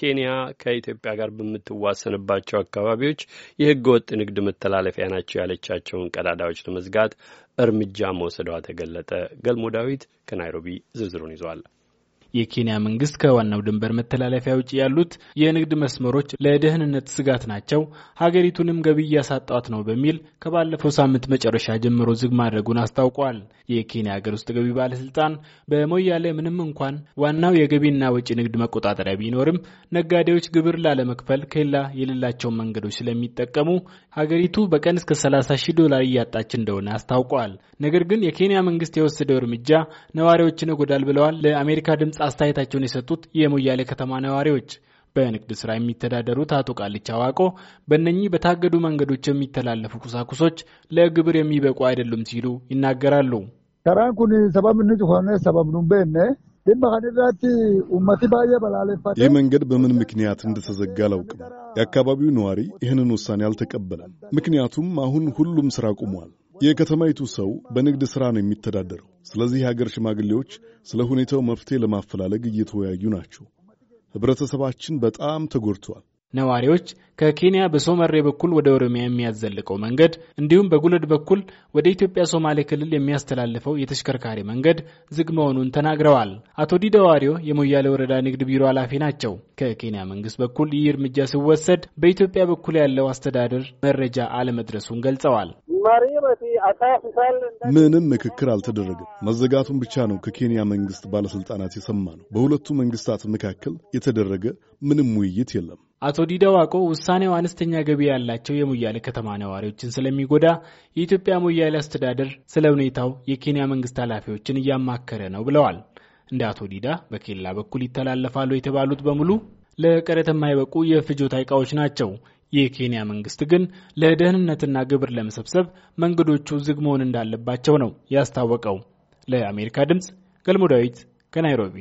ኬንያ ከኢትዮጵያ ጋር በምትዋሰንባቸው አካባቢዎች የህገ ወጥ ንግድ መተላለፊያ ናቸው ያለቻቸውን ቀዳዳዎች ለመዝጋት እርምጃ መውሰዷ ተገለጠ። ገልሞ ዳዊት ከናይሮቢ ዝርዝሩን ይዟል። የኬንያ መንግስት ከዋናው ድንበር መተላለፊያ ውጭ ያሉት የንግድ መስመሮች ለደህንነት ስጋት ናቸው፣ ሀገሪቱንም ገቢ እያሳጣት ነው በሚል ከባለፈው ሳምንት መጨረሻ ጀምሮ ዝግ ማድረጉን አስታውቋል። የኬንያ ሀገር ውስጥ ገቢ ባለስልጣን በሞያሌ ምንም እንኳን ዋናው የገቢና ወጪ ንግድ መቆጣጠሪያ ቢኖርም ነጋዴዎች ግብር ላለመክፈል ከላ የሌላቸውን መንገዶች ስለሚጠቀሙ ሀገሪቱ በቀን እስከ 30 ሺህ ዶላር እያጣች እንደሆነ አስታውቋል። ነገር ግን የኬንያ መንግስት የወሰደው እርምጃ ነዋሪዎችን ይጎዳል ብለዋል ለአሜሪካ ድምጽ አስተያየታቸውን የሰጡት የሞያሌ ከተማ ነዋሪዎች በንግድ ስራ የሚተዳደሩት አቶ ቃልቻ ዋቆ በእነኚህ በታገዱ መንገዶች የሚተላለፉ ቁሳቁሶች ለግብር የሚበቁ አይደሉም ሲሉ ይናገራሉ። ይህ መንገድ በምን ምክንያት እንደተዘጋ አላውቅም። የአካባቢው ነዋሪ ይህንን ውሳኔ አልተቀበለም። ምክንያቱም አሁን ሁሉም ስራ ቆሟል። የከተማይቱ ሰው በንግድ ሥራ ነው የሚተዳደረው። ስለዚህ የሀገር ሽማግሌዎች ስለ ሁኔታው መፍትሄ ለማፈላለግ እየተወያዩ ናቸው። ኅብረተሰባችን በጣም ተጎድቷል። ነዋሪዎች ከኬንያ በሶመሬ በኩል ወደ ኦሮሚያ የሚያዘልቀው መንገድ እንዲሁም በጉለድ በኩል ወደ ኢትዮጵያ ሶማሌ ክልል የሚያስተላልፈው የተሽከርካሪ መንገድ ዝግ መሆኑን ተናግረዋል። አቶ ዲደዋሪዮ ዋሪዮ የሞያሌ ወረዳ ንግድ ቢሮ ኃላፊ ናቸው። ከኬንያ መንግስት በኩል ይህ እርምጃ ሲወሰድ በኢትዮጵያ በኩል ያለው አስተዳደር መረጃ አለመድረሱን ገልጸዋል። ምንም ምክክር አልተደረገም። መዘጋቱን ብቻ ነው ከኬንያ መንግስት ባለስልጣናት የሰማ ነው። በሁለቱ መንግስታት መካከል የተደረገ ምንም ውይይት የለም። አቶ ዲዳ ዋቆ ውሳኔው አነስተኛ ገቢ ያላቸው የሞያሌ ከተማ ነዋሪዎችን ስለሚጎዳ የኢትዮጵያ ሞያሌ አስተዳደር ስለ ሁኔታው የኬንያ መንግስት ኃላፊዎችን እያማከረ ነው ብለዋል። እንደ አቶ ዲዳ በኬላ በኩል ይተላለፋሉ የተባሉት በሙሉ ለቀረጥ የማይበቁ የፍጆታ ዕቃዎች ናቸው። የኬንያ መንግስት ግን ለደህንነትና ግብር ለመሰብሰብ መንገዶቹ ዝግ መሆን እንዳለባቸው ነው ያስታወቀው። ለአሜሪካ ድምፅ ገልሞ ዳዊት ከናይሮቢ